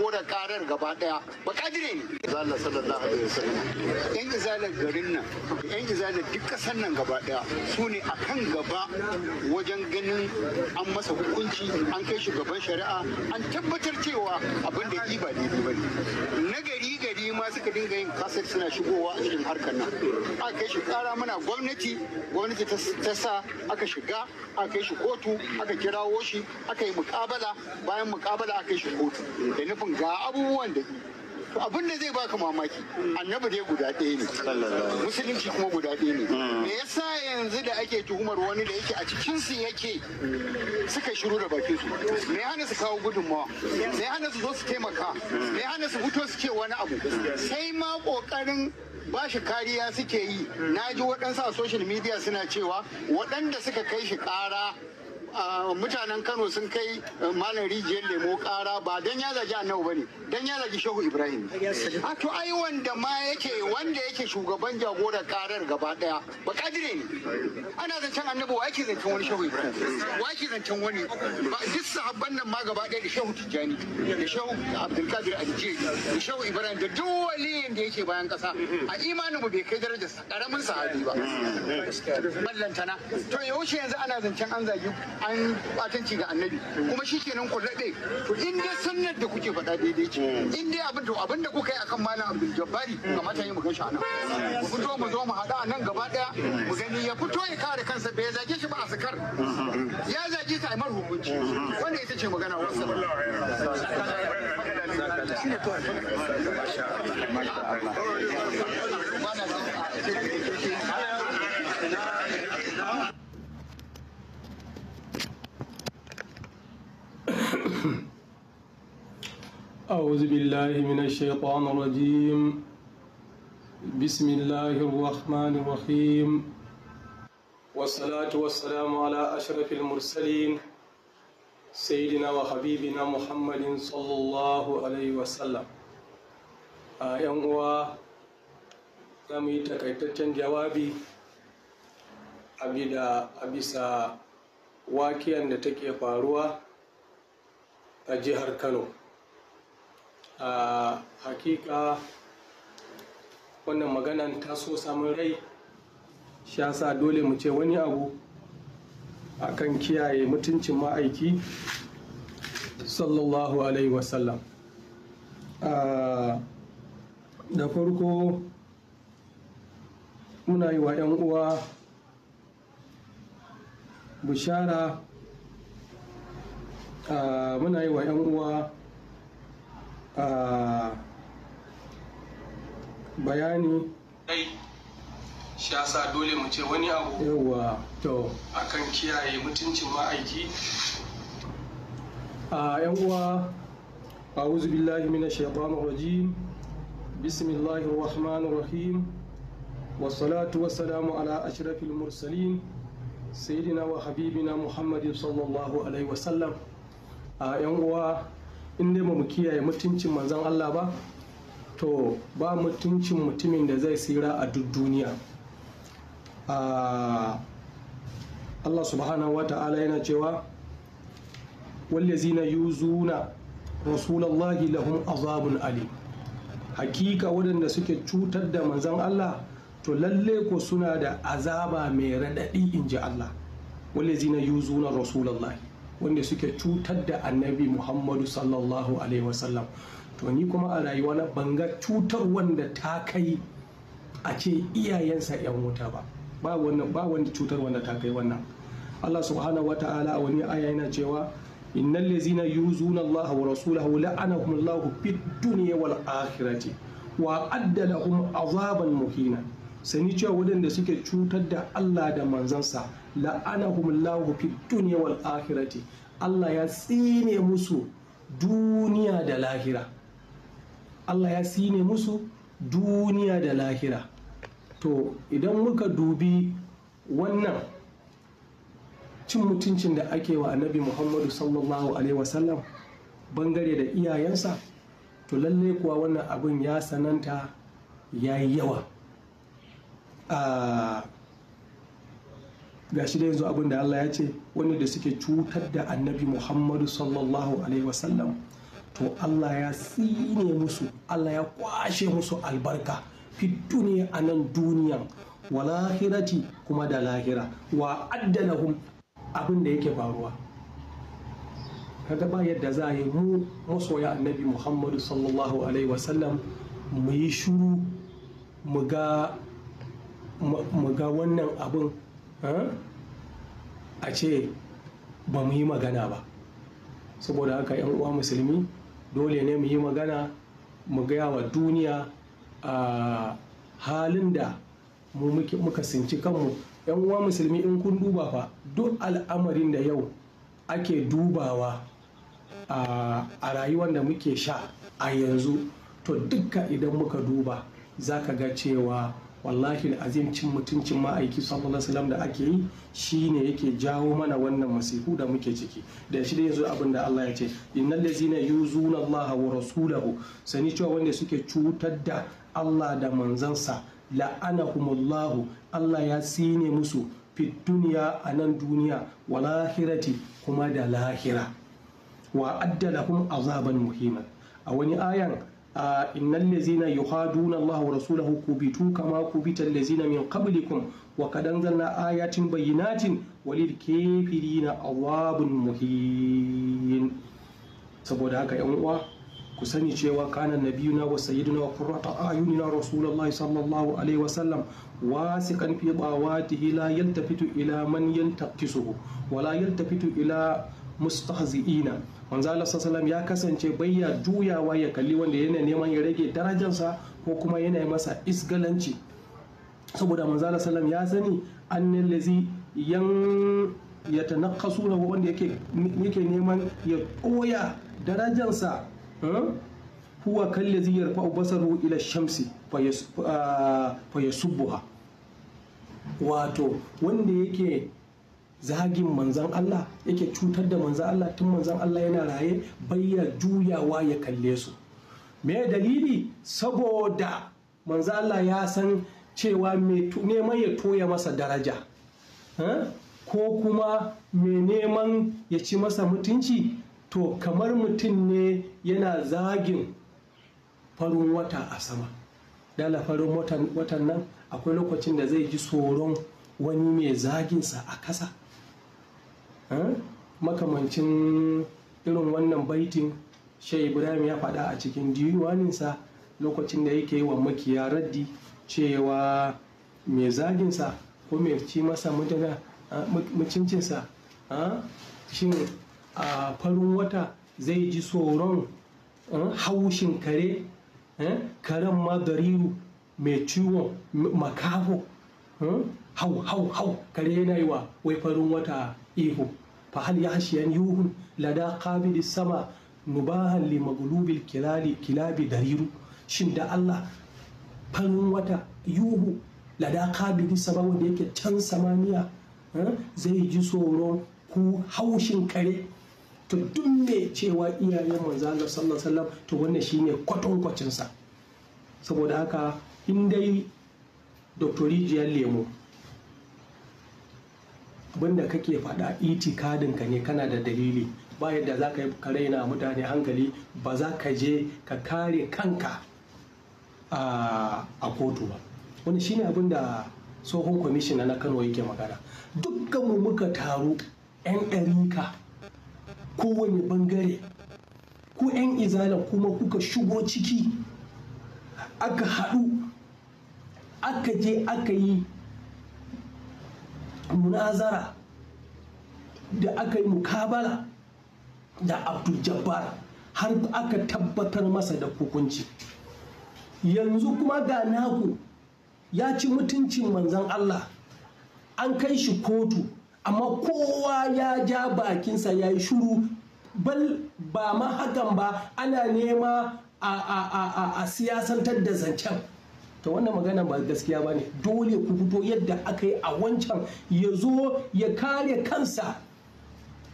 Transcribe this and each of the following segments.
jagorar karar gaba daya ba kadire ne zalla sallallahu alaihi wasallam yan izalar garin nan yan izalar duk kasan nan gaba daya su ne akan gaba wajen ganin an masa hukunci an kai shugaban shari'a an tabbatar cewa abin da ba ne ba ne nagari ma suka dinga yin kaset suna shigowa a cikin harkar nan aka kai shi kara mana gwamnati gwamnati ta sa aka shiga aka kai shi kotu aka kirawo shi aka yi mukabala bayan mukabala aka kai shi kotu da nufin ga abubuwan da abin da zai baka mamaki annabi dai guda ɗaya ne musulunci kuma guda ɗaya ne hmm. me yasa yanzu da ake tuhumar wani da yake a cikin su yake suka shiru da bakin su me hana su kawo gudunmawa me hana su zo su taimaka hmm. me hana su fito su ce wani abu sai ma kokarin ba shi kariya suke yi na ji waɗansu a social media suna cewa waɗanda suka kai shi ƙara mutanen kano sun kai eh, malam rijiyar lemo kara ba don ya zaji zagi ba bane don ya zaji shehu ibrahim a to ai wanda ma yake wanda yake shugaban jagorar karar gaba daya ba kadire ne ana zancen annabu wa yake zancen wani shehu ibrahim wa yake zancen wani ba duk sahabban nan ma gaba daya da shehu tijjani da shehu abdulkadir aljiye da shehu ibrahim da duk waliyin da yake bayan kasa a imanin mu bai kai darajar karamin sahabi ba ballantana to yaushe yanzu ana zancen an zagi an batanci ga annabi kuma shi kenan ku laɗe to in dai sannar da kuke faɗa daidai ce in dai abin to abin da kuka yi akan malam abdul jabbari kamata yi mu gan shi anan mu fito mu zo mu haɗa a nan gaba ɗaya mu gani ya fito ya kare kansa bai zage shi ba a sakar ya zage ta imar hukunci wanda ita ce magana wasu أعوذ بالله من الشيطان الرجيم بسم الله الرحمن الرحيم والصلاة والسلام على أشرف المرسلين سيدنا وحبيبنا محمد صلى الله عليه وسلم أيام هو zamu takaitaccen jawabi a bisa wakiyan da take faruwa a jihar kano a hakika wannan maganan ta so samun rai shi sa dole mu ce wani abu a kan kiyaye mutuncin ma'aiki sallallahu alaihi wasallam da farko muna yi wa 'yan uwa bishara Ah, muna yi wa 'yan uwa ah, bayani shi yasa dole mu ce wani abu yawa to akan kiyaye mutuncin ma'aiki a ah, yan uwa a'udhu billahi mina shaitanir rajim bismillahi rahman rahim wasalatu wasalamu ala ashrafil mursalin sayidina wa habibina muhammadin sallallahu alaihi wasallam a yan uwa in dai ba mu kiyaye mutuncin manzon Allah ba to ba mutuncin mutumin da zai tsira a duk duniya Allah subhanahu wa ta'ala yana cewa wallazina yuzuna rasulallahi lahum azabun Ali. hakika waɗanda suke cutar da manzon Allah to lalle ko suna da azaba mai raɗaɗi in ji Allah wallazina yuzuna rasulallahi wanda suke cutar da annabi muhammadu sallallahu alaihi wasallam to ni kuma a rayuwa na banga cutar wanda ta kai a ce iyayensa yan wuta ba ba wanda ba wanda cutar wanda ta kai wannan Allah subhanahu wa ta'ala a wani aya yana cewa innal ladzina yuzuna Allah wa rasulahu la'anahum Allah fid dunya wal akhirati wa adda lahum azaban muhina sani cewa wadanda suke cutar da Allah da manzansa la'anahum lahu fi dunya wal akhirati Allah ya tsine musu duniya da lahira Allah ya tsine musu duniya da lahira to idan muka dubi wannan cin mutuncin da ake wa annabi muhammadu sallallahu alaihi wasallam bangare da iyayensa to lalle kuwa wannan abin ya sananta ya yi yawa ah, ga shi da yanzu abin da Allah ya ce wani da suke cutar da annabi Muhammadu sallallahu alaihi wasallam to Allah ya tsine musu Allah ya kwashe musu albarka fi duniya a nan duniya wa lahirati kuma da lahira wa addalahum abin da yake faruwa kaga ba yadda za a yi mu masoya annabi Muhammadu sallallahu alaihi wasallam mu yi shuru mu ga wannan abin a ce ba mu yi magana ba saboda haka 'yan uwa musulmi dole ne mu yi magana mu gaya wa duniya a halin da mu muka sinci kanmu 'yan uwa musulmi in kun duba fa duk al'amarin da yau ake dubawa a rayuwar da muke sha a yanzu to dukka idan muka duba za ka ga cewa wallahi azim cin mutuncin ma'aiki sallallahu alaihi da ake yi shine yake jawo mana wannan masifu da muke ciki da shi da yanzu abin da Allah ya ce innal ladzina yuzuna Allah wa rasulahu sani cewa wanda suke cutar da Allah da manzansa la'anahumullahu Allah ya sine musu fit duniya a nan duniya wa lahirati kuma da lahira wa addalahum azaban muhima a wani ayan innal ladzina yuhaduna Allah wa rasulahu kubitu kama kubita allazina min qablikum wa qad anzalna ayatin bayyinatin walil kafirina awabun muhin saboda haka yan uwa ku sani cewa kana nabiyuna wa sayyiduna wa qurrata ayunina rasulullahi sallallahu alaihi wasallam wasiqan fi dawatihi la yaltafitu ila man yantaqisuhu Wala yaltafitu ila mustahzi'ina manzo Allah ya kasance bayya juyawa ya kalli wanda yana neman ya rage darajarsa ko kuma yana masa isgalanci saboda manzo Allah ya sani annal lazi yan yatanaqqasuna wanda yake yake neman ya koya darajarsa hmm? huwa kallazi yarfa'u basaru ila shamsi fa ah, wato wanda yake zagin manzan Allah yake cutar da manzan Allah tun manzan Allah yana raye bayya juyawa ya kalle su me dalili saboda manzan Allah ya san cewa neman ya toya masa daraja eh? ko kuma me neman ya ci masa mutunci to kamar mutum ne yana zagin farin wata a sama dala farin watan nan akwai lokacin da zai ji tsoron wani mai zaginsa a kasa makamancin irin wannan baitin shai Ibrahim ya faɗa a cikin diwaninsa lokacin da yake yi wa makiya raddi cewa mai zaginsa ko mai ci masa mucincinsa. shin a farin wata zai ji tsoron haushin kare karen madariru mai ciwon makafo hau hau hau kare yana yi wa wai farin wata ihu fa hal yahshiyan yuhun lada qabilis sama mubahan li maghlubil kilali kilabi dariru shin da Allah farin wata yuhu lada qabilis sama wanda yake can samaniya eh, zai ji tsoron ku haushin kare to duk cewa iyayen manzo Allah sallallahu alaihi wasallam to shine kwatankwacin saboda haka in dai Dr. Rijiyar Lemo banda kake faɗa ka ne kana da dalili ba yadda za ka yi kare na mutane hankali ba za ka je ka kare kanka a kotu ba wani shine abin da tsohon kwamishina na kano yake magana dukkan mu muka taru 'yan ɗarika kowane bangare ku 'yan izala kuma kuka shigo ciki aka haɗu aka je aka yi munazara da aka yi mukabala da abdul jabbar har aka tabbatar masa da hukunci yanzu kuma ga naku ya ci mutuncin manzan allah an kai shi kotu amma kowa ya ja bakinsa ya yi shuru bal ba ma hakan ba ana nema a siyasantar da zancen ta wannan magana ba gaskiya ba ne dole ku fito yadda aka yi a wancan ya zo ya kare kansa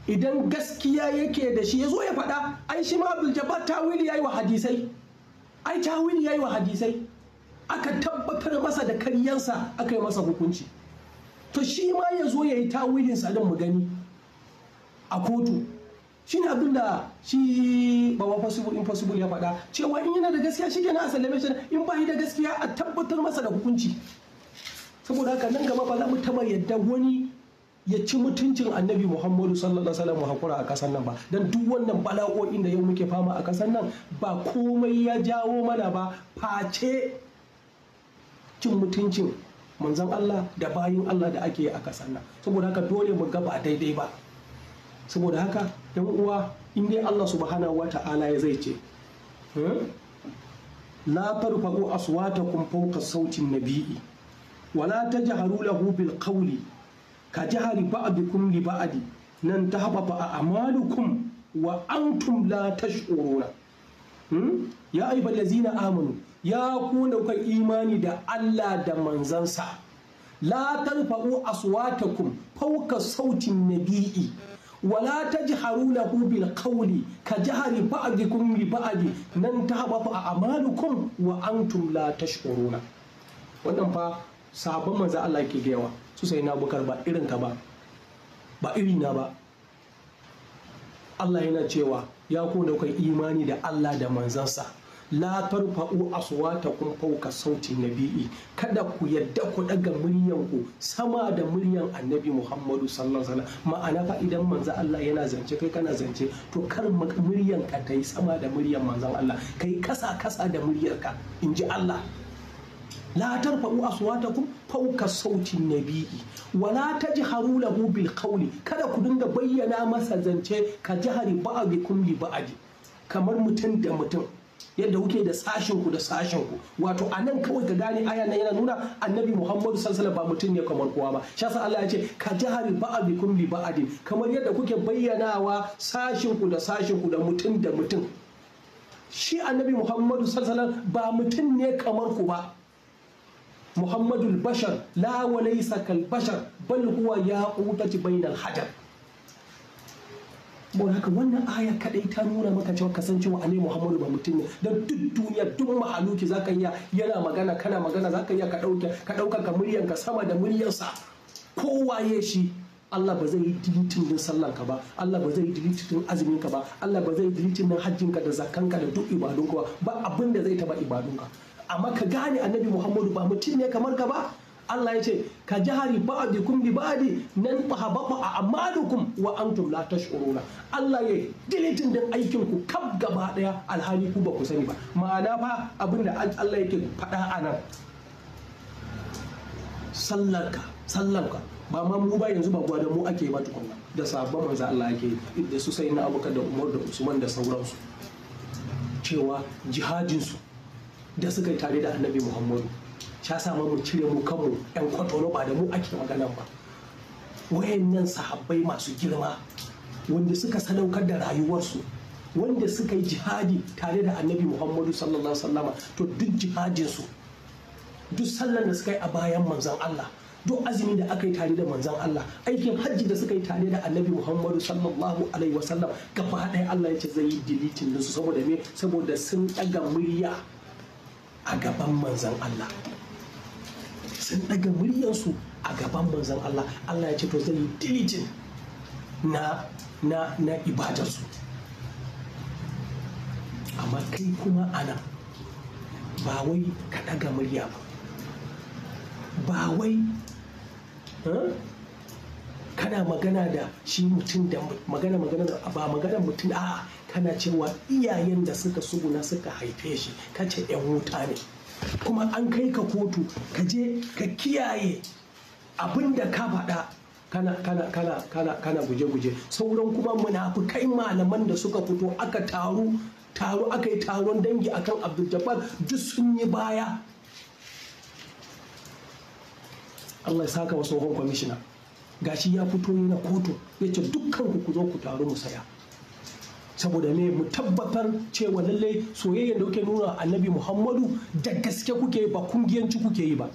idan gaskiya yake da shi ya zo ya faɗa ai shi ma ta wili tawili yi wa hadisai ai ya yi wa hadisai aka tabbatar masa da karyansa aka yi masa hukunci to shi ma ya zo ya yi tawilinsa salin mu gani a kotu shine abin da shi baba possible impossible ya faɗa cewa in yana da gaskiya shi kenan a sallame shi in ba da gaskiya a tabbatar masa da hukunci saboda haka nan gaba ba za mu taba yadda wani ya ci mutuncin annabi muhammadu sallallahu alaihi wasallam hakura a kasar nan ba don duk wannan bala'o'in da yau muke fama a kasar nan ba komai ya jawo mana ba face cin mutuncin manzon Allah da bayin Allah da ake yi a kasar nan saboda haka dole mu ga ba daidai ba saboda haka yan uwa in dai Allah subhanahu wata'ala ya zai ce eh? la tarfa'u aswatakum fawqa sautin nabi'i wala tajharu lahu bil qawli ka jahari ba'dikum li ba'di nan tahbaba a'malukum wa antum la tash'uruna hmm? ya ayyuhal ladzina amanu ya ku daukar imani da Allah da manzansa la tarfa'u aswatakum fawqa sautin nabi'i wala tajharu lahu bil qawli ka jahari ba'dikum li ba'di nan a a'malukum wa antum la tash'uruna wannan fa sabon manzo Allah ke gayawa su sai na bukar ba irin ka ba ba irin na ba Allah yana cewa ya ku da imani da Allah da manzansa la tarfa'u aswatakum fawqa sauti nabi'i kada ku yadda ku daga muryan ku sama da muryan annabi Muhammadu sallallahu alaihi wasallam ma'ana fa idan manzo Allah yana zance kai kana zance to kar muryan ka tayi sama da muryan manzon Allah kai kasa kasa da muryar ka inji Allah la tarfa'u aswatakum fawqa sautin nabi'i wa la tajharu lahu bil qawli kada ku dinga bayyana masa zance ka jahari ba'dikum li ba'adi kamar mutum da mutum yadda kuke da sashen ku da sashen ku wato a nan kawai ka gane aya nan yana nuna annabi muhammadu sallallahu ba mutum ne kamar kowa ba shi yasa Allah ya ce ka jahari ba'abikum li ba'adin kamar yadda kuke bayyanawa sashen ku da sashen ku da mutum da mutum shi annabi muhammadu sallallahu ba mutum ne kamar ku ba muhammadu bashar la walaysa kal bashar bal huwa ya'utati bainal hajar saboda haka wannan aya kaɗai ta nuna maka cewa wa annabi Muhammadu ba mutum ne da duk duniya duk mahaluki zaka iya yana magana kana magana zaka iya ka dauke ka dauka ka muryanka sama da muryarsa kowaye shi Allah ba zai yi dilitin din sallan ka ba Allah ba zai yi dilitin din azumin ka ba Allah ba zai yi dilitin din hajjin ka da zakkan ka da duk ibadun ka ba ba abin da zai taba ibadun ka amma ka gane annabi Muhammadu ba mutum ne kamar ka ba Allah ya ce ka jahari kun bi ba'di nan ba a amalukum wa antum la tash'uruna Allah ya dilitin din aikin ku kab gaba daya alhali ku ba ku sani ba ma'ana fa abinda Allah yake faɗa a nan sallarka sallarka ba ma mu ba yanzu ba gwa da mu ake ba tukunna da sabon manzo Allah yi. da su sai na abuka da Umar da Usman da sauransu cewa su da suka yi tare da Annabi Muhammadu sha sa mu cire mu kanmu yan kwatoro ba da mu ake magana ba wayannan sahabbai masu girma wanda suka sadaukar da rayuwarsu wanda suka yi jihadi tare da annabi muhammadu sallallahu wasallama to duk jihadinsu duk sallan da suka yi a bayan manzan allah duk azumi da aka yi tare da manzan allah aikin hajji da suka yi tare da annabi muhammadu sallallahu alaihi wasallam gaba ɗaya allah ya ce zai yi dilitin nasu saboda me saboda sun ɗaga murya a gaban manzan allah sun ɗaga muryarsu a gaban manzan Allah Allah ya ce to zai yi dilijin na na na ibadarsu amma kai kuma ana ba wai ka ɗaga murya ba ba wai eh, kana magana da shi mutum da magana magana ba magana mutum a kana cewa iyayen da suka suguna suka haife shi kace yan wuta ne kuma an kai ka kotu ka je ka kiyaye abin da ka faɗa kana guje guje sauran kuma munafukai malaman da suka fito aka taru taro aka yi taron dangi akan Abdul duk sun yi baya Allah ya saka wa tsohon kwamishina gashi ya fito yana kotu ya ce dukkan ku zo ku taru mu saya saboda me mu tabbatar cewa lallai soyayyar da kuke nuna annabi muhammadu da gaske kuke ba kungiyanci kuke yi ba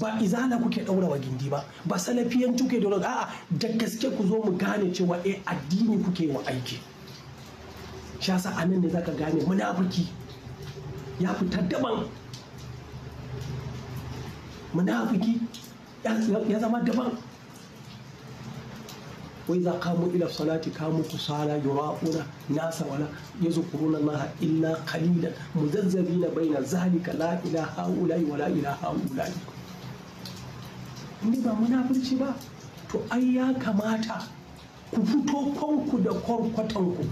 ba izala kuke daura wa gindi ba ba salafiyanci kuke daura a'a da gaske ku zo mu gane cewa e addini kuke yi wa aiki shasa a nan ne zaka gane munafiki ya fita daban munafiki ya zama daban wa idza qamu ila salati qamu kusala yura'una nasa wala yazkuruna allaha illa qalilan muzazzabina baina ni la ilaha haula'i wa la ilaha haula'i inda ba munafurci ba to ai ya kamata ku fito kanku da kwarkwatanku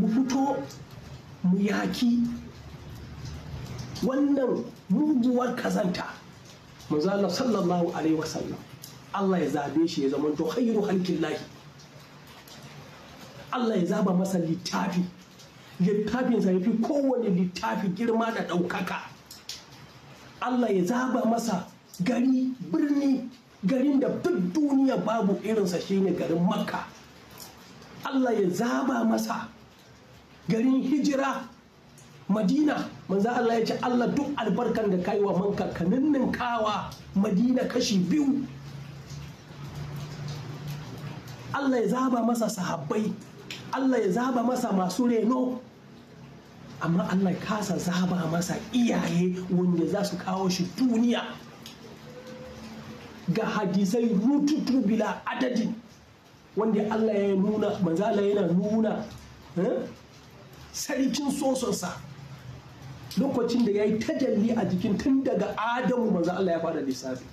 mu fito mu yaki wannan muguwar kazanta manzo sallallahu alaihi wasallam Allah ya zabe shi ya zama to khairu halkillahi Allah ya zaba masa littafi Littafin ya fi kowane littafi girma da ɗaukaka Allah ya zaba masa gari birni garin da duk duniya babu irinsa shine garin makka Allah ya zaba masa garin hijira madina manzo Allah ya ce Allah duk albarkan da wa manka ka ninninkawa madina kashi biyu Allah ya zaba masa sahabbai Allah ya zaba masa masu reno amma Allah ya kasa zaba masa iyaye wanda za su kawo shi duniya ga hadisai rututu bila adadi wanda Allah ya nuna manzala yana nuna eh, sarkin sosonsa lokacin da ya yi tajalli a jikin tun daga adamu manzo Allah ya fada lissafi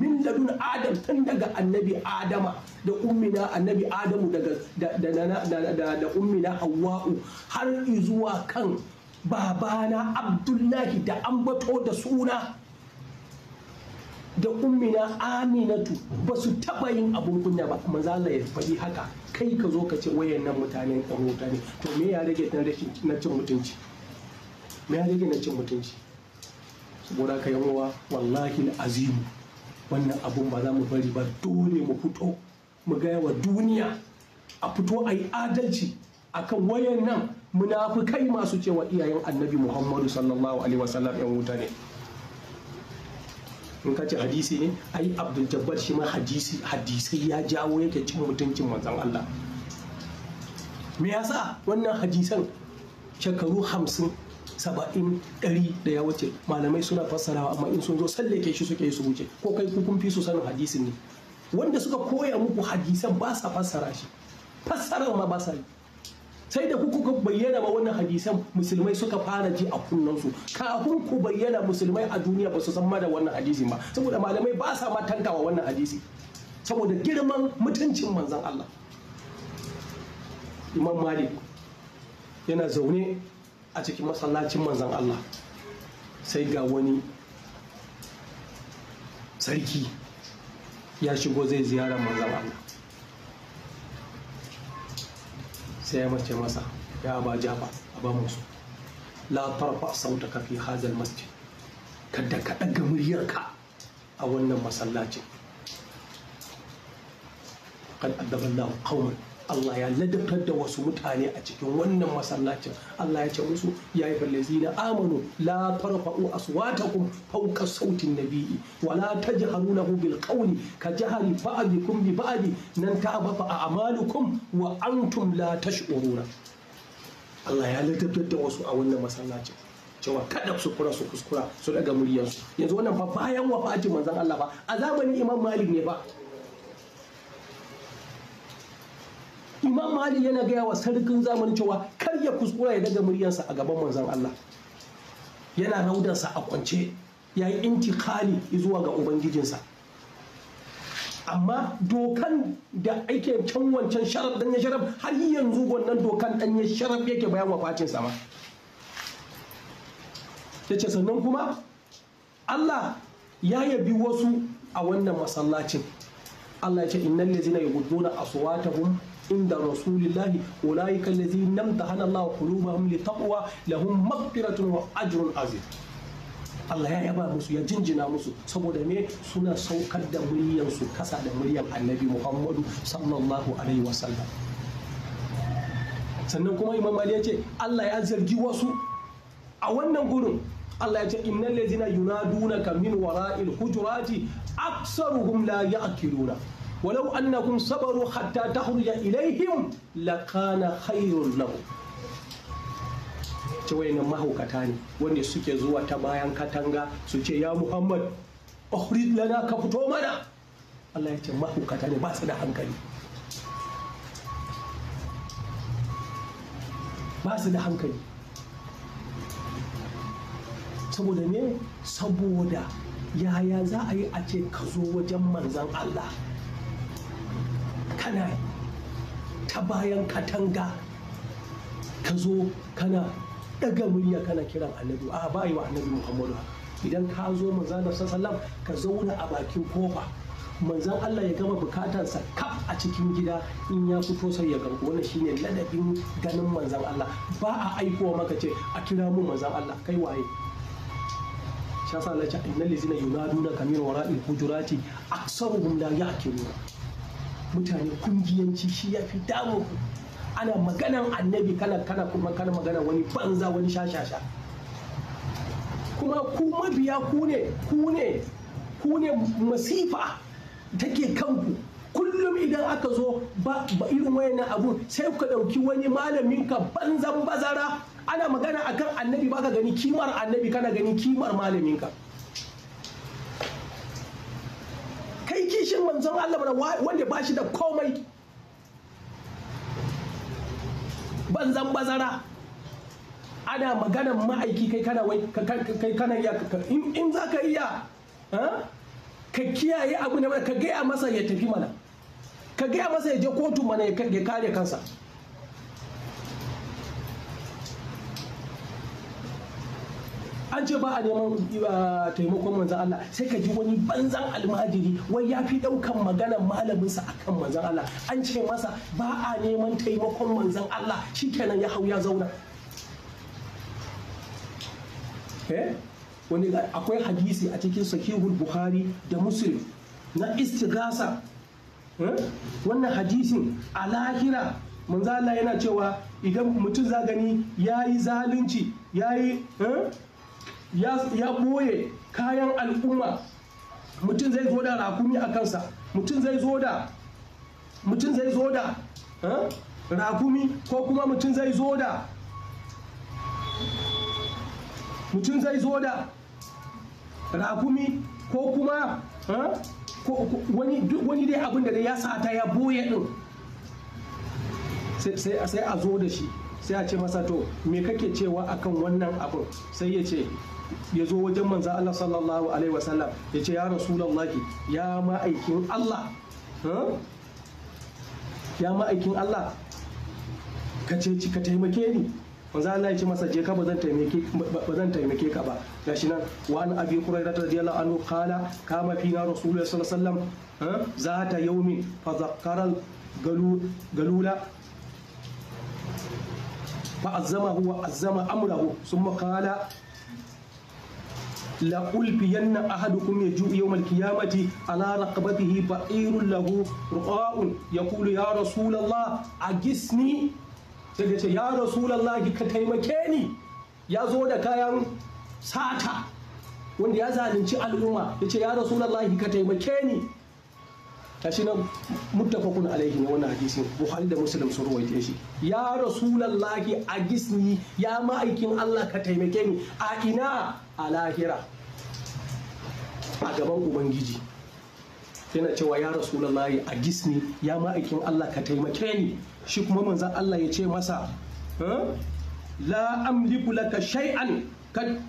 min ladun adam tun daga annabi adama da ummina annabi adamu daga da ummina hawa'u har zuwa kan babana abdullahi da an bato da suna da ummina aminatu ba su taɓa yin abun kunya ba maza Allah ya faɗi haka kai ka zo ka ce wayan nan mutanen ƙarota ne to me ya rage na rashin na cin mutunci me ya rage na cin mutunci saboda ka yamowa wallahi azimu wannan abun ba za mu bari ba dole mu fito mu gaya wa duniya a fito a yi adalci akan wayan nan munafukai masu cewa iyayen annabi muhammadu sallallahu alaihi wasallam yan wuta ne in ka ce hadisi ne ai abdul jabbar shi ma hadisi hadisi ya jawo yake cin mutuncin manzon allah me yasa wannan hadisan shekaru hamsin saba'in ɗari da ya wuce malamai suna fassarawa amma in sun zo sallake shi suke su wuce ko kai kun fi su sanin hadisin ne wanda suka koya muku hadisan ba sa fassara shi fassarar ma ba sa yi sai da ku bayyana ma wannan hadisan musulmai suka fara ji a kunnan su kafin ku bayyana musulmai a duniya ba su san ma da wannan hadisin ba saboda malamai ba sa ma tankawa wannan hadisi saboda girman mutuncin manzon Allah Imam Malik yana zaune a cikin masallacin manzan Allah sai ga wani sarki ya shigo zai ziyara manzan Allah sai ya mace masa ya ba jafa a ba musu la farfa sauta ka fi hazal masjid kada ka ɗaga muryarka a wannan masallacin kan أدب da kawai Allah ya ladabtar da wasu mutane a cikin wannan masallacin Allah ya ce musu ya yi na amanu la asuwata aswatakum fawqa sautin nabi'i wa la tajharunahu bil qawli ka jahari ba'dikum bi ba'di nan amalu a'malukum wa antum la tash'uruna Allah ya ladabtar da wasu a wannan masallacin cewa kada su kura su kuskura su daga muryarsu yanzu wannan fa bayan wafatin manzon Allah ba a zamanin Imam Malik ne ba imam mali yana gaya wa sarkin zamanin cewa kar ya kuskura ya daga muryarsa a gaban manzon Allah yana raudarsa a kwance ya yi intikali zuwa ga ubangijinsa amma dokan da ake can wancan sharaf dan ya sharaf har yanzu wannan dokan dan ya sharaf yake bayan wa wafatin sama yace sannan kuma Allah ya yabi wasu a wannan masallacin Allah ya ce innal ladzina yuhudduna aswatahum عند رسول الله أولئك الذين امتحن الله قلوبهم لتقوى لهم مغفرة وأجر عظيم Allah ya yaba musu ya jinjina musu saboda me suna saukar da su kasa da muryan annabi Muhammadu sallallahu alaihi wasallam sannan kuma imam Ali ya ce Allah ya zargi wasu a wannan gurin Allah ya ce innal ladina yunadunaka min wara'il hujurati aktsaruhum la ya'qiluna walau أنكم صبروا حتى تخرج إليهم لكان خير لهم ce wayannan mahaukata ne wanda suke zuwa ta bayan katanga su ce ya muhammad ohrid lana ka fito mana Allah ya ce mahaukata ne ba su da hankali ba su da hankali saboda ne saboda yaya za a yi a ce ka zo wajen manzan Allah kana ta bayan katanga ka zo kana daga murya kana kiran annabi a ba yi wa annabi muhammadu idan ka zo manzan da sallam ka zauna a bakin kofa manzan Allah ya gama bukatarsa kaf a cikin gida in ya fito sai ya ganku wannan shine ladabin ganin manzan Allah ba a aikowa maka ce a kira mu manzan Allah kai waye shasa Allah ya ce innal ladzina yunaduna kamir wara'il hujurati aksaruhum la ya'qiluna mutane kungiyanci shi ya fi damu ana maganan annabi kana kana kuma kana magana wani banza wani shashasha kuma ku mabiya ku ne ku ne ku ne masifa take kanku kullum idan aka zo ba irin wayannan abu sai ku ɗauki wani malamin ka banzan bazara ana magana akan annabi baka gani kimar annabi kana gani kimar malaminka. shi manzon Allah wanda ba shi da komai banzan bazara ana maganan ma'aiki kai kana wai kai kana iya in za ka iya ka kiyaye abu ne ka gaya masa ya tafi mana ka gaya masa ya je kotu mana ya kare kansa an ce ba a neman uh, taimakon manzan Allah sai ka ji wani banzan almajiri wai ya fi ɗaukan maganar malaminsa akan manzan Allah an ce masa ba a neman taimakon manzan Allah shi kenan ya hau ya zauna eh? wani akwai hadisi a cikin sahihul Buhari da muslim na istigasa eh? wannan hadisin a lahira manzan Allah yana cewa idan mutum za gani ya yi zalunci ya yi eh? ya ɓoye kayan al'umma mutum zai zo da rakumi a kansa mutum zai zo da mutum zai zo da eh, rakumi ko kuma mutum zai zo da mutum zai zo da rakumi ko kuma eh, wani dai abin da ya sata ya boye din sai a zo da shi sai a ce masa to me kake cewa akan wannan abin sai ya ce ya zo wajen manza Allah sallallahu alaihi wasallam ya ce ya rasulullahi ya ma'aikin Allah ya ma'aikin Allah ka ce ka taimake ni manzo Allah ya ce masa je ka bazan taimake bazan taimake ka ba gashi nan wa an abi hurairah radiyallahu anhu qala kama fina rasulullahi sallallahu alaihi wasallam zata yawmin fa zakkara galula fa azamahu wa azama amrahu thumma qala la ulfiyanna ahadukum yaju yawmal qiyamati ala raqabatihi ba'irun lahu ruqa'un yaqulu ya rasulullah agisni sai ya ce ya rasulullah ka taimake ni ya zo da kayan sata wanda ya zalunci al'umma ya ce ya rasulullah ka taimake ni tashi na muttafaqun alaihi ne wannan hadisin buhari da muslim sun ruwaita shi ya rasulullahi a gisni ya ma'aikin Allah ka taimake ni a ina a lahira a gaban ubangiji yana cewa ya rasu rasulullahi a gisni ya ma'aikin Allah ka taimake ni shi kuma manzan Allah ya ce masa la amliku laka shay'an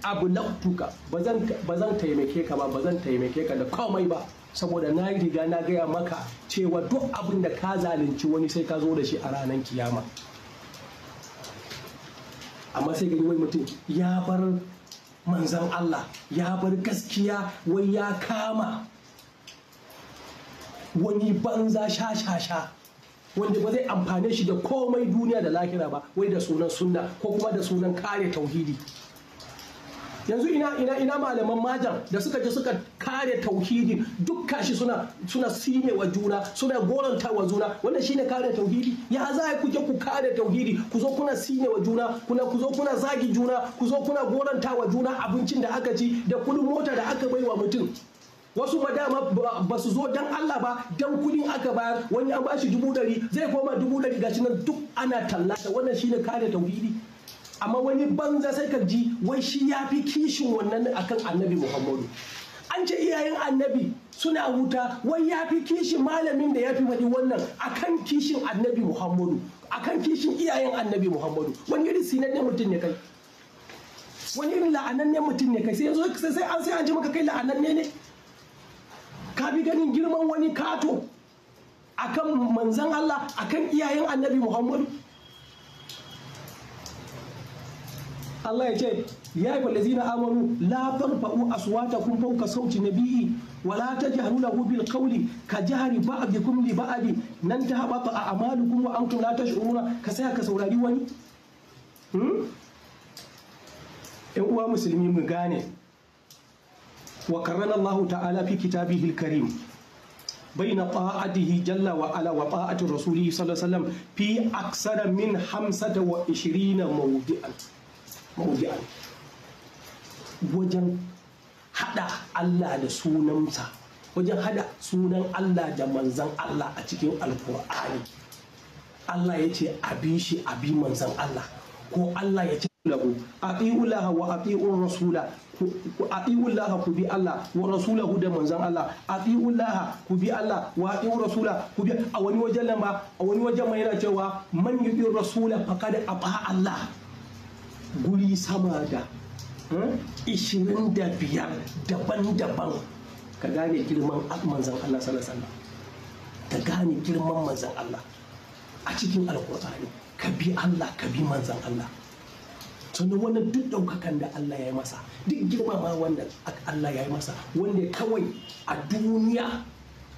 abu ablaqtuka bazan zan taimake ka ba bazan taimake ka da komai ba saboda na riga na gaya maka cewa duk abin da ka zalunci wani sai ka zo da shi a ranar kiyama amma sai gani wani mutum ya bar manzan Allah ya bar gaskiya wai ya kama wani banza sha-sha-sha wanda ba zai amfane shi da komai duniya da lahira ba wai da sunan sunna ko kuma da sunan kare tauhidi yanzu ina ina ina malaman majan da suka je suka kare tauhidi duk kashi suna suna sine wa juna suna goranta wa juna wannan shine kare tauhidi ya za ku je ku kare tauhidi ku zo kuna sine wa juna kuna ku zo kuna zagi juna ku zo kuna goranta wa juna abincin da aka ci da kudin mota da aka bai wa mutum wasu ma dama ba su zo dan Allah ba dan kudin aka bayar wani an bashi dubu dari zai koma dubu dari gashi nan duk ana tallata wannan shine kare tauhidi amma wani banza sai ka ji wai shi ya fi kishin wannan akan annabi muhammadu an ce iyayen annabi suna wuta wai ya fi kishin malamin da ya fi wani wannan akan kishin annabi muhammadu akan kishin iyayen annabi muhammadu wani irin sinan ne mutum ne kai wani irin la'anan mutum ne kai sai yanzu sai an sai an ji maka kai la'anan ne ne ka bi ganin girman wani kato akan manzan Allah akan iyayen annabi muhammadu Allah ya ce ya yi wallazina amanu la tarfa'u kun fawqa sauti nabiyyi wa la tajharu lahu bil qawli ka jahri ba'dikum li ba'di nan ta habata a amalukum wa antum la tash'uruna ka sai ka saurari wani hmm? yan uwa musulmi mu gane wa karrana Allah ta'ala fi kitabihi al-karim بين طاعته جل وعلا وطاعة رسوله صلى الله عليه وسلم في أكثر من 25 موضعا mawudi'an wajen hada Allah da sunansa wajen hada sunan Allah da manzan Allah a cikin alkur'ani Allah ya ce abi shi abi manzan Allah ko Allah ya ce lahu atiullaha wa atiur rasula ku atiullaha ku bi Allah wa rasulahu da manzan Allah atiullaha ku bi Allah wa atiur rasula ku bi a wani wajen ma a wani wajen ma yana cewa man yubi rasula faqad aba Allah guri sama da 25 eh, daban-daban ka gane girman manzan Allah sallallahu ka gane girman manzan Allah a cikin alkur'ani ka bi Allah ka bi manzan Allah sannan wannan duk ɗaukakan da Allah ya yi masa duk girma ma wannan Allah ya yi masa wanda kawai a duniya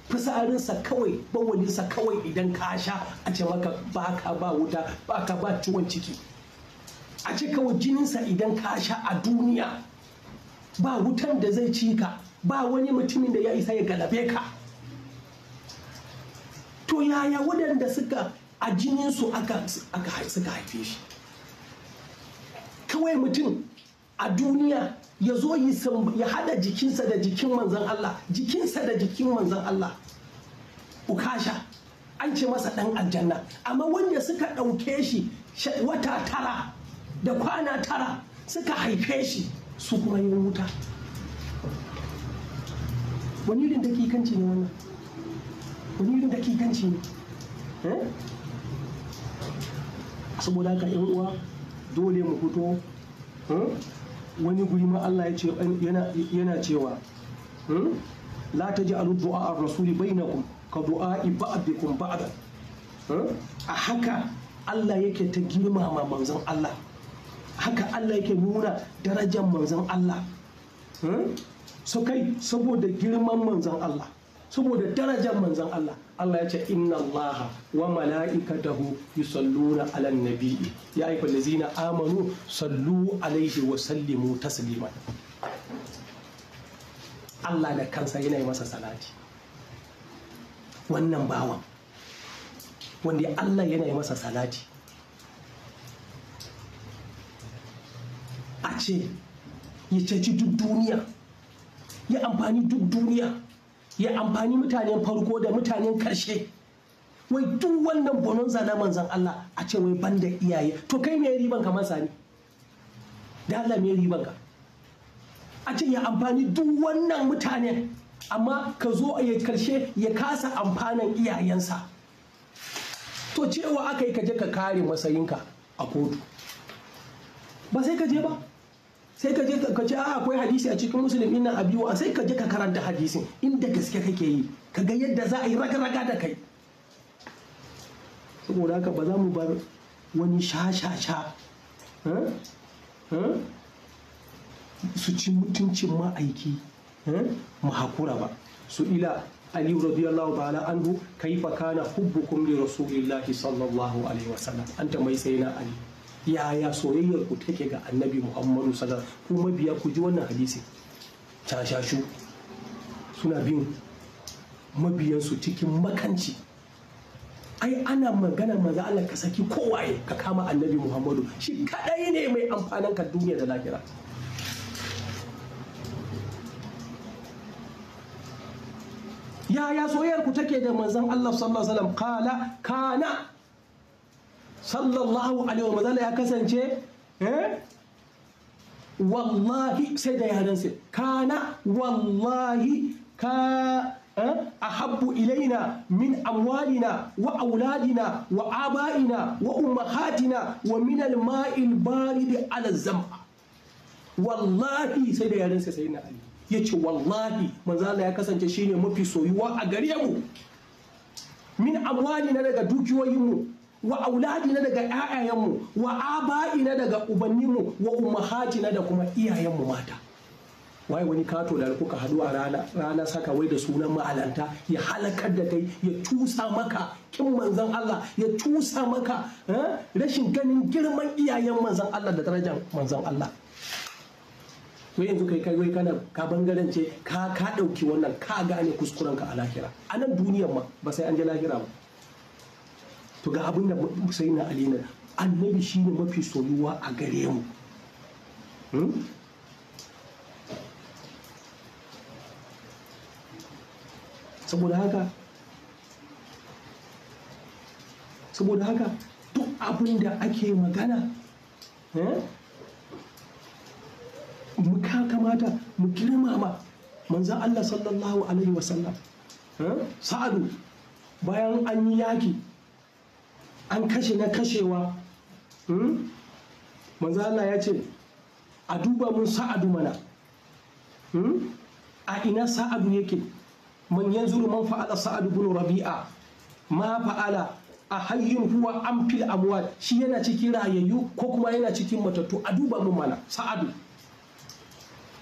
fitsarinsa kawai bawalinsa kawai idan ka sha a ce maka baka ba wuta baka ba ciwon ciki a ce kawai jininsa idan ka sha a duniya ba wutan da zai ci ka ba wani mutumin da ya isa ya galabe ka to yaya waɗanda suka a jininsu aka suka haife shi kawai mutum a duniya ya zo ya hada jikinsa da jikin manzan Allah jikinsa da jikin manzan Allah ukasha an ce masa ɗan aljanna amma wanda suka ɗauke shi wata tara da kwana tara suka haife shi su kuma yi wuta wani irin kikanci ne wannan wani irin kikanci ne eh? saboda haka yan uwa dole mu fito eh? wani guri ma Allah yana cewa hmm? la ta ji a rasuli bainakum ka du'a'i ba'dikum ba'da eh? a haka Allah yake ta girmama manzon Allah haka Allah yake nuna darajar manzan Allah hmm? so kai saboda girman manzan Allah saboda darajar manzan Allah Allah ya ce inna Allah wa mala'ikatahu yusalluna ala nabi ya ayyuhal ladzina amanu sallu alaihi wa sallimu taslima Allah da kansa yana yi masa salati wannan bawan wanda Allah yana yi masa salati a ce ya ceci duk duniya ya amfani duk duniya ya amfani mutanen farko da mutanen karshe wai duk wannan bononza na manzan Allah a ce wai da iyaye to kai me riban ka ne da Allah me riban ka a ce ya amfani duk wannan mutanen amma ka zo a karshe ya kasa amfanin iyayensa to cewa aka yi ka je ka kare masayinka a kotu ba sai ka je ba sai ka je ka ce a akwai hadisi a cikin musulmi ina abiyu a sai ka je ka karanta hadisin inda gaske kake yi ka ga yadda za a yi raga-raga da kai saboda haka ba za mu bar wani sha-sha-sha eh, eh, su ci mutuncin ma'aiki eh, mu hakura ba su ila aliyu radiyallahu ta'ala anhu kaifa kana hubbukum li rasulillahi sallallahu alaihi wasallam an tambayi sai na aliyu yaya soyayyar ku take ga annabi muhammadu sallallahu ku kuma ku ji wannan hadisi cashashu suna bin mabiyansu cikin makanci ai ana magana maza Allah ka saki kowaye ka kama annabi muhammadu shi kadai ne mai amfanin ka duniya da lahira yaya soyayyar ku take da manzon Allah sallallahu alaihi wasallam kana kana sallallahu alaihi wa ya kasance eh? wallahi sai da yarensa kana wallahi ka eh? ahabbu ilaina min amwalina wa auladina wa aba'ina wa ummahatina wa min al-ma'il barid ala zam'a wallahi sai da yarensa sai na ali yace wallahi manzo Allah ya kasance shine mafi soyuwa a gare mu min amwalina daga dukiyoyin mu wa auladi na daga ƴaƴayenmu wa aba'ina daga ubanninmu wa na da kuma iyayenmu mata waye wani kato da kuka haɗu a rana rana saka wai da sunan ma'alanta ya halakar da kai ya tusa maka kin manzon Allah ya tusa maka eh, rashin ganin girman iyayen manzon Allah da darajar manzon Allah wai yanzu kai kai wai kana ka bangarance ka ka dauki wannan ka gane kuskuren ka a lahira a nan duniyar ma ba sai an je lahira ba to ga abin da sai na alina annabi shine mafi soyuwa a gare mu hmm? saboda haka saboda haka duk abin da ake magana eh, muka kamata mu girmama manzo Allah sallallahu alaihi wasallam eh, sa'adu bayan an yi yaki an kashe na kashewa hmm? manzo Allah ya ce a duba mun sa'adu mana hmm? a ina sa'adu yake man yanzu man fa'ala sa'adu bin rabi'a ma fa'ala a hayyun huwa an fil amwal shi yana cikin rayayyu ko kuma yana cikin matattu a duba mun mana sa'adu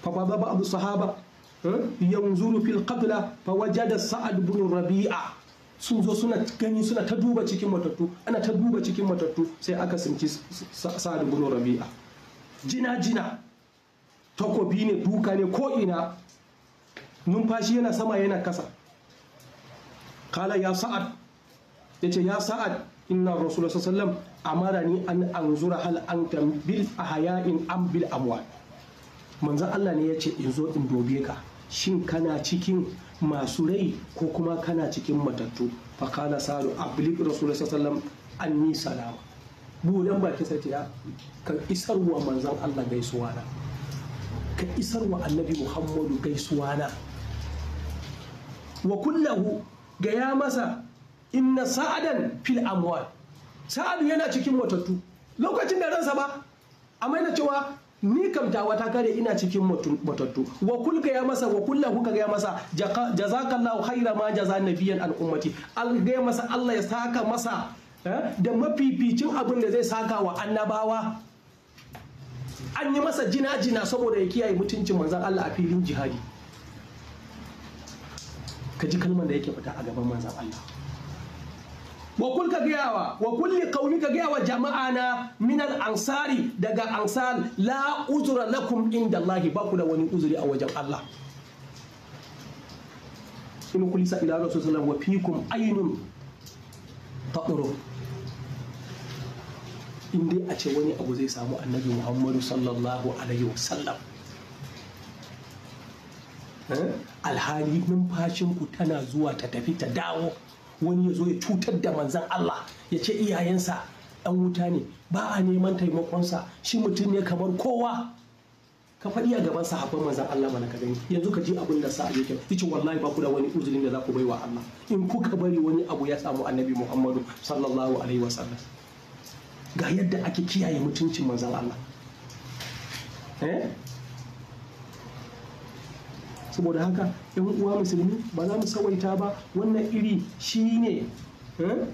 fa ba abu sahaba hmm? yanzuru fil qabla fa wajada sa'ad bin rabi'a sun zo suna gani suna ta duba cikin matattu ana ta duba cikin matattu sai aka sinci sa'ad ibn rabi'a jina jina takobi ne duka ne ko ina numfashi yana sama yana kasa kala ya sa'ad yace ya sa'ad inna rasulullah sallallahu ni an anzura hal an a bil in an bil amwa manzo Allah ne ya ce in zo in dobe ka shin kana cikin masu rai ko kuma kana cikin matattu fa kana salu ablik rasulullahi sallallahu alaihi wasallam anni salama budan bakin sarki ya ka isarwa manzon Allah gaisuwa na ka isarwa annabi Muhammadu gaisuwa na wa kullahu ya masa inna sa'adan fil amwal sa'adu yana cikin matattu lokacin da ransa ba amma yana cewa ni kam ta ta kare ina cikin matattu wa kulka ya masa wa kulla kuka ga masa jazakallahu khaira ma jaza nabiyan al ummati al ga masa Allah ya saka masa eh, da mafificin abin da zai saka wa annabawa an yi masa jina-jina saboda ya kiyaye mutuncin manzan Allah a filin jihadi ka ji kalmar da yake fita a gaban manzan Allah wa kul ka gayawa wa kulli ka gayawa jama'a na al ansari daga ansar la uzra lakum inda Allah ba ku da wani uzuri a wajen Allah in sa ila rasul sallallahu wa fikum aynun taqru in dai a ce wani abu zai samu annabi Muhammadu sallallahu alaihi wasallam eh? alhali numfashinku tana zuwa ta tafi ta dawo wani ya zo ya cutar da manzan Allah ya ce iyayensa ɗan wuta ne ba a neman taimakonsa shi mutum ne kamar kowa ka faɗi a gaban sahabban manzan Allah mana ka gani yanzu ka ji abin da a yake yace wallahi ba ku da wani uzurin da za ku baiwa Allah in kuka bari wani abu ya samu annabi Muhammadu sallallahu alaihi wasallam ga yadda ake kiyaye mutuncin manzan Allah eh saboda haka yan uwa musulmi ba za mu sawaita ba wannan iri shi ne eh,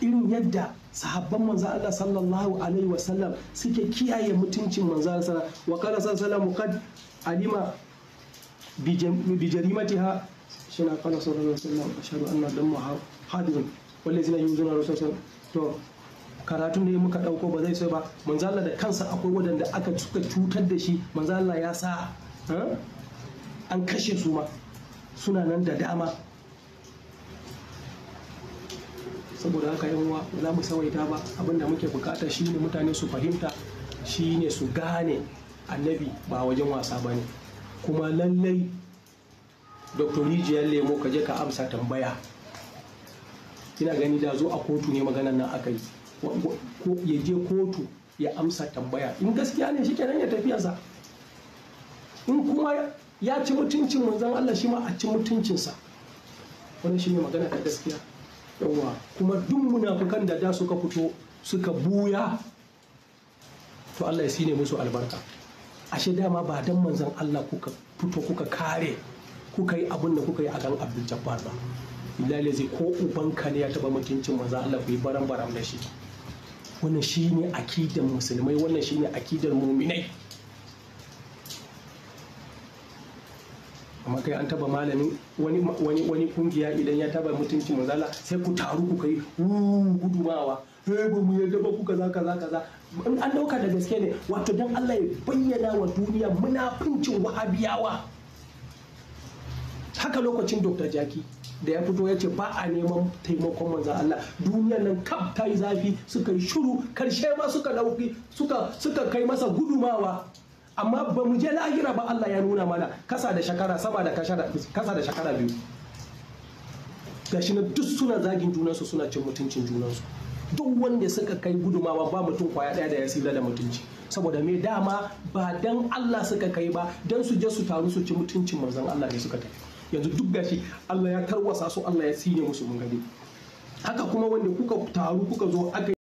irin yadda sahabban manzo Allah sallallahu alaihi wasallam suke kiyaye mutuncin manzo Allah sallallahu wa qala sallallahu qad alima bi jarimatiha na kana sallallahu alaihi wasallam ashhadu anna damma hadirun wallazina yuzuna rasulullah to karatu ne muka ɗauko ba zai so ba manzala da kansa akwai waɗanda aka suka cutar da shi manzala ya sa an kashe su ma suna nan da dama saboda haka yan uwa za mu sawaita ba abinda muke bukata shi ne mutane su fahimta shi ne su gane annabi ba wajen wasa ba ne kuma lallai dr rijiyar lemo ka je ka amsa tambaya ina gani da zo a kotu ne maganan nan aka yi ya je kotu ya amsa tambaya in gaskiya ne shi kenan ya tafiyarsa in kuma ya ci mutuncin manzan Allah shi ma a ci mutuncinsa wannan shi ne magana ta gaskiya yawa kuma duk munafukan da da suka fito suka buya to Allah ya sine musu albarka ashe dama ba dan manzan Allah kuka fito kuka kare kuka yi abin da kuka yi a kan Abdul Jabbar ba billahi ko ubanka ne ya taba mutuncin manzan Allah ku yi baran baran da shi wannan shi ne akidar musulmai wannan shi ne akidar muminai amma kai an taba malamin wani wani kungiya idan ya taba mutuncin muzala sai ku taru ku kai gudumawa eh ba mu yarda ba ku kaza kaza kaza an dauka da gaske ne wato dan Allah ya bayyana wa duniya munafincin wahabiyawa haka lokacin Dr. Jaki da ya fito ya ce ba a neman taimakon manzan Allah duniya nan kaf ta yi zafi suka yi shuru karshe ma suka suka kai masa gudumawa amma ba mu je lahira ba Allah ya nuna mana kasa da shakara sama da kasa da shakara biyu gashi na duk suna zagin junansu suna cin mutuncin junansu duk wanda suka kai gudumawa ba mutum kwaya daya da ya sila da mutunci saboda me dama ba dan Allah suka kai ba dan su je su taru su ci mutuncin manzon Allah ne suka tafi yanzu duk gashi Allah ya tarwasa su Allah ya sine musu mun gani haka kuma wanda kuka taru kuka zo aka